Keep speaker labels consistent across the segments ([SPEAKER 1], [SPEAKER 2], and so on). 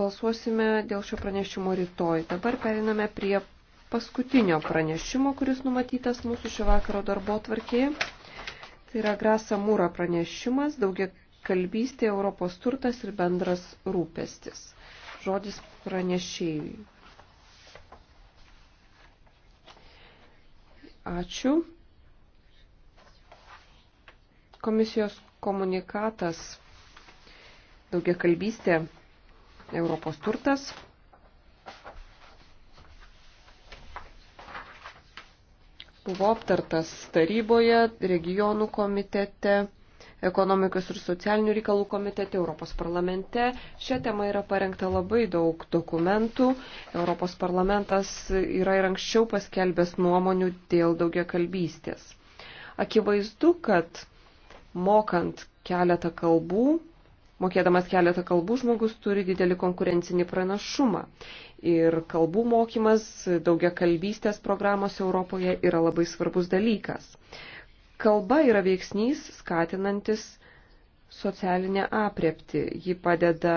[SPEAKER 1] Balsuosime dėl šio pranešimo rytoj. Dabar periname prie paskutinio pranešimo, kuris numatytas mūsų šio vakaro darbo tvarkėje. Tai yra Grasa Mūra pranešimas, daugia kalbystė Europos turtas ir bendras rūpestis. Žodis pranešėjui. Ačiū. Komisijos komunikatas daugia kalbystė Europos turtas. Buvo aptartas taryboje, regionų komitete, ekonomikos ir socialinių reikalų komitete, Europos parlamente. Šią temą yra parengta labai daug dokumentų. Europos parlamentas yra ir anksčiau paskelbęs nuomonių dėl daugia kalbystės. Akivaizdu, kad mokant keletą kalbų Mokėdamas keletą kalbų žmogus turi didelį konkurencinį pranašumą. Ir kalbų mokymas, daugia kalbystės programos Europoje yra labai svarbus dalykas. Kalba yra veiksnys skatinantis socialinę apriepti. Ji padeda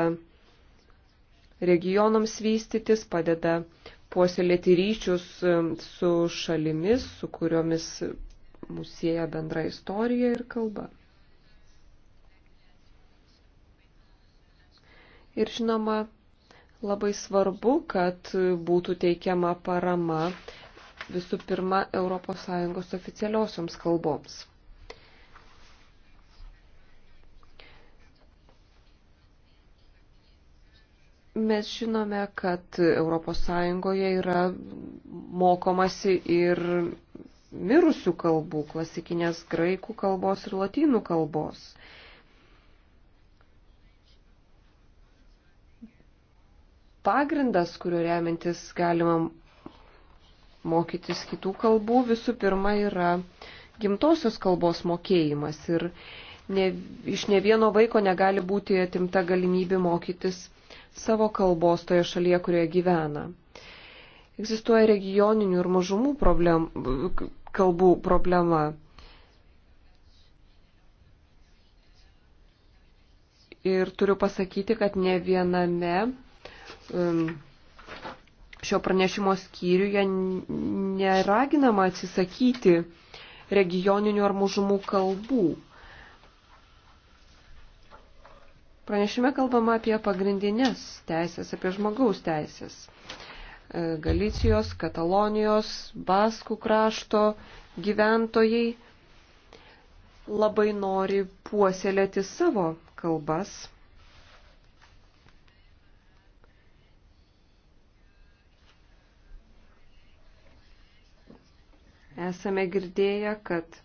[SPEAKER 1] regionams vystytis, padeda puoselėti ryšius um, su šalimis, su kuriomis mūsėja bendra istorija ir kalba. Ir žinoma, labai svarbu, kad būtų teikiama parama visų pirma ES oficialiosioms kalboms. Mes žinome, kad ES yra mokomasi ir mirusių kalbų, klasikinės graikų kalbos ir latinų kalbos. pagrindas, kuriuo remiantis galima mokytis kitų kalbų, visų pirma yra gimtosios kalbos mokėjimas. Ir ne, iš ne vieno vaiko negali būti atimta galimybė mokytis savo kalbos toje šalyje, kurioje gyvena. Egzistuoja regioninių ir mažumų problem, kalbų problema. Ir turiu pasakyti, kad ne viename Um, šio pranešimo skyriuje neraginama atsisakyti regioninių ar mažumų kalbų. Pranešime kalbama apie pagrindinės teisės, apie žmogaus teisės. E, Galicijos, Katalonijos, Baskų krašto gyventojai labai nori puoselėti savo kalbas Esame girdėję, kad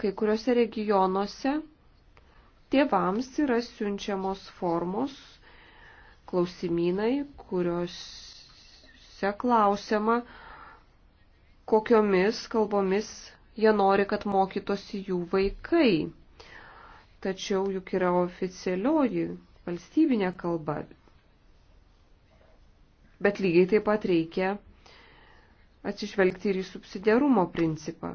[SPEAKER 1] kai kuriuose regionuose tėvams yra siunčiamos formos, klausimynai, kuriuose klausiama, kokiomis kalbomis jie nori, kad mokytosi jų vaikai. Tačiau juk yra oficialioji valstybinė kalba. Bet lygiai taip pat reikia atsižvelgti ir į subsidiarumo principą.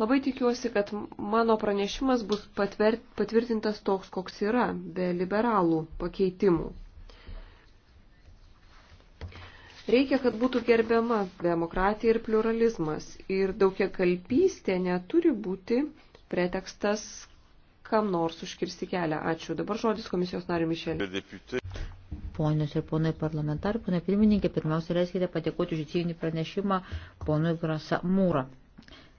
[SPEAKER 1] Labai tikiuosi, kad mano pranešimas bus patvirtintas toks, koks yra, be liberalų pakeitimų. Reikia, kad būtų gerbiama demokratija ir pluralizmas. Ir daugia kalbystė neturi būti pretekstas, kam nors užkirsti kelią. Ačiū. Dabar žodis komisijos nariu Mišeliu.
[SPEAKER 2] Ponios ir ponai parlamentarai, ponai pirmininkė, pirmiausia, leiskite patikoti už įcivinį pranešimą ponui Grasa Mūra.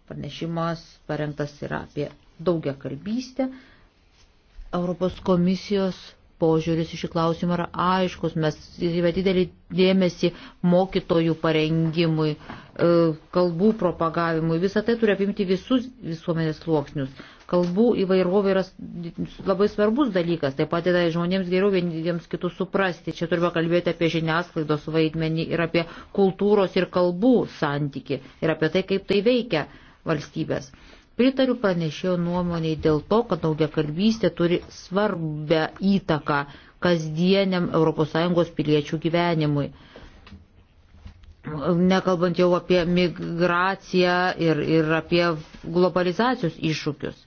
[SPEAKER 2] Pranešimas parengtas yra apie daugia kalbystę. Europos komisijos požiūris iš įklausimą yra aiškus. Mes įvė didelį dėmesį mokytojų parengimui, e, kalbų propagavimui. Visą tai turi apimti visus visuomenės sluoksnius. Kalbų įvairovė yra labai svarbus dalykas. Tai padeda žmonėms geriau vieniems kitus suprasti. Čia turime kalbėti apie žiniasklaidos vaidmenį ir apie kultūros ir kalbų santyki ir apie tai, kaip tai veikia valstybės. Pritariu pranešėjo nuomoniai dėl to, kad daugia kalbystė turi svarbę įtaką kasdieniam ES piliečių gyvenimui. Nekalbant jau apie migraciją ir, ir apie globalizacijos iššūkius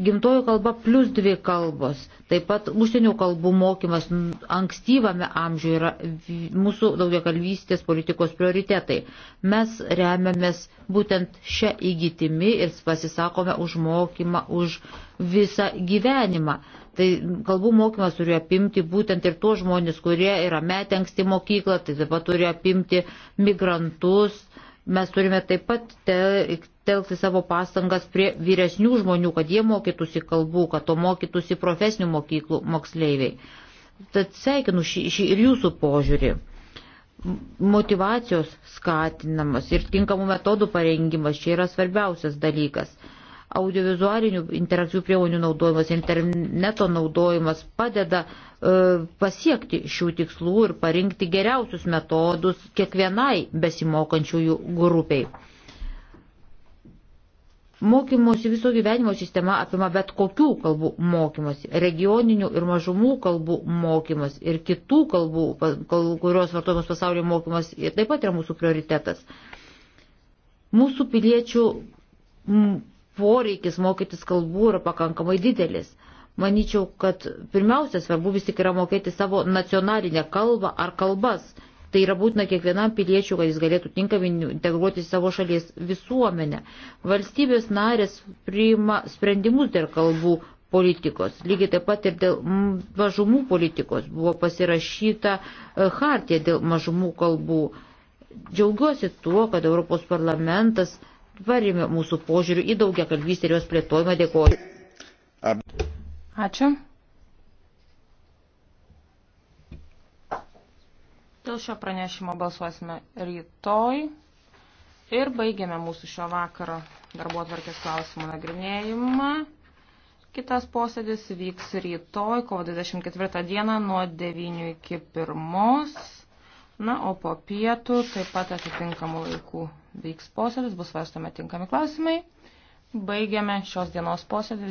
[SPEAKER 2] gimtojų kalba plus dvi kalbos, taip pat užsienio kalbų mokymas ankstyvame amžiuje yra mūsų daugiakalvystės politikos prioritetai. Mes remiamės būtent šią įgytimi ir pasisakome už mokymą, už visą gyvenimą. Tai kalbų mokymas turi apimti būtent ir tuos žmonės, kurie yra metę anksti mokyklą, tai taip pat turi apimti migrantus, mes turime taip pat telkti savo pastangas prie vyresnių žmonių, kad jie mokytųsi kalbų, kad to mokytųsi profesinių mokyklų moksleiviai. Tad sveikinu šį, šį ir jūsų požiūrį. Motivacijos skatinamas ir tinkamų metodų parengimas čia yra svarbiausias dalykas audiovizualinių interaktyvių priemonių naudojimas, interneto naudojimas padeda e, pasiekti šių tikslų ir parinkti geriausius metodus kiekvienai besimokančiųjų grupiai. Mokymosi viso gyvenimo sistema apima bet kokių kalbų mokymosi - regioninių ir mažumų kalbų mokymas ir kitų kalbų, kurios vartojamos pasaulyje mokymas ir taip pat yra mūsų prioritetas. Mūsų piliečių poreikis mokytis kalbų yra pakankamai didelis. Maničiau, kad pirmiausia svarbu vis tik yra mokėti savo nacionalinę kalbą ar kalbas. Tai yra būtina kiekvienam piliečiui, kad jis galėtų tinkamai nu- integruoti į savo šalies visuomenę. Valstybės narės priima sprendimus dėl kalbų politikos. Lygiai taip pat ir dėl mažumų politikos buvo pasirašyta e, hartė dėl mažumų kalbų. Džiaugiuosi tuo, kad Europos parlamentas parėmė mūsų požiūrių į daugia kalbystę ir jos plėtojimą. Dėkoju.
[SPEAKER 1] Ačiū. Dėl šio pranešimo balsuosime rytoj ir baigiame mūsų šio vakaro darbo atvarkės klausimų nagrinėjimą. Kitas posėdis vyks rytoj, kovo 24 dieną nuo 9 iki 1. Na, o po pietų taip pat atitinkamų laikų vyks posėdis, bus svarstome tinkami klausimai.
[SPEAKER 2] Baigiame šios dienos posėdį.